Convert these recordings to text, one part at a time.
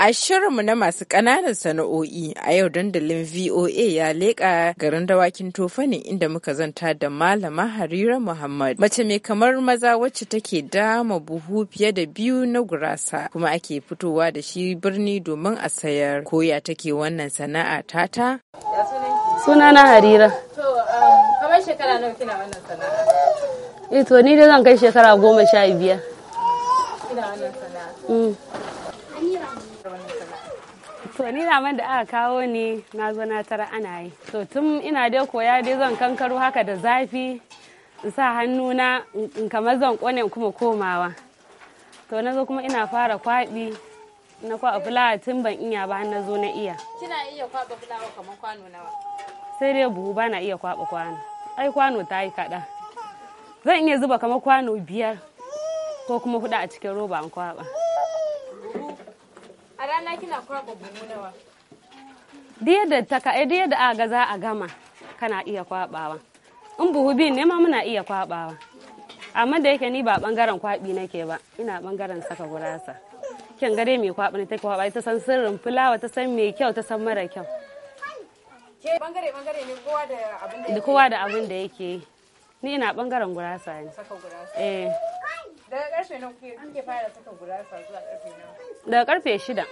A shirinmu na masu ƙananan sana'o'i a yau dandalin VOA ya leƙa garin dawakin tofani inda muka zanta da malama Harira Muhammad. Mace mai kamar maza wacce take dama buhu fiye da biyu na gurasa kuma ake fitowa da shi birni domin a sayar. Koya take wannan sana'a tata? Sunana Harira. Um, kamar eh, ni dai zan kai shekara goma sha biyar. to ni man da aka kawo ni na zo na tara ana yi to tun ina dai koya dai zan kankaro haka da zafi in sa hannu na in kamar zan kone kuma komawa to na zo kuma ina fara kwaɓi na kwaɓa fulawa tun ban iya ba na zo na iya kina iya kwaɓa fulawa kamar kwano nawa sai dai buhu ba na iya kwaɓa kwano ai kwano ta yi kaɗa zan iya zuba kamar kwano biyar ko kuma huɗu a cikin roba an kwaɓa rana kina kwaba buhu nawa da ta ka eh, da aga za a gama kana iya kwabawa in buhu biyu ne ma muna iya kwabawa amma da yake ni ba bangaren kwabi nake ba ina bangaren saka gurasa kin ga dai mai kwabi take kwaba ta san sirrin fulawa ta san mai kyau ta san mara kyau ke bangare bangare ne kowa da abin da yake kowa da abin da yake ni ina bangaren gurasa ne saka gurasa eh daga karfe nan kuke fara saka gurasa zuwa karfe nan daga karfe shida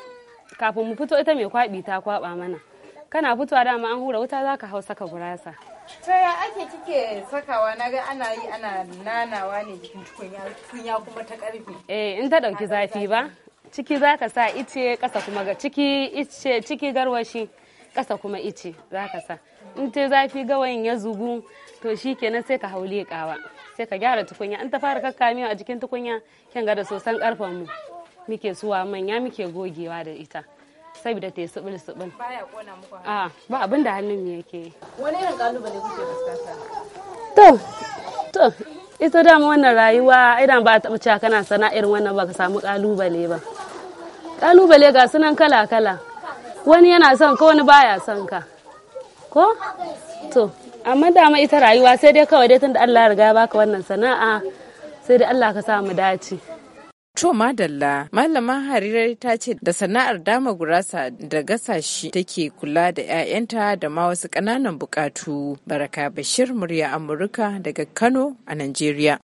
kafin mu fito ita mai kwaɓi ta kwaɓa mana kana fitowa dama an hura wuta zaka hau saka gurasa ta ya ake kike sakawa na ga ana yi ana nanawa ne cikin tukunya ya kuma ta karfe eh in ta dauki zafi ba ciki zaka sa ice kasa kuma ga ciki ice ciki garwashi kasa kuma ice zaka sa in ta zafi gawayin ya zugu to shi kenan sai ka haule kawa sai ka gyara tukunya in ta fara kakkamiwa a jikin tukunya kin gada da sosan karfen mu muke suwa manya muke gogewa da ita saboda ta yi subul subul ah, ba abin da hannun ne yake wani irin kalubale kuke fuskanta to to ita dama wannan rayuwa idan ba ta cewa kana sana irin wannan ba ka samu kalubale ba kalubale ga sunan kala kala wani yana son ka wani baya son ka ko to amma dama ita rayuwa sai dai kawai dai tunda Allah ya riga baka wannan sana'a sai dai Allah ka samu dace To Madalla, Malama Harirar ta ce da sana'ar dama gurasa da gasa take kula da 'ya'yanta da ma wasu ƙananan buƙatu. Baraka Bashir murya Amurka daga Kano a Najeriya.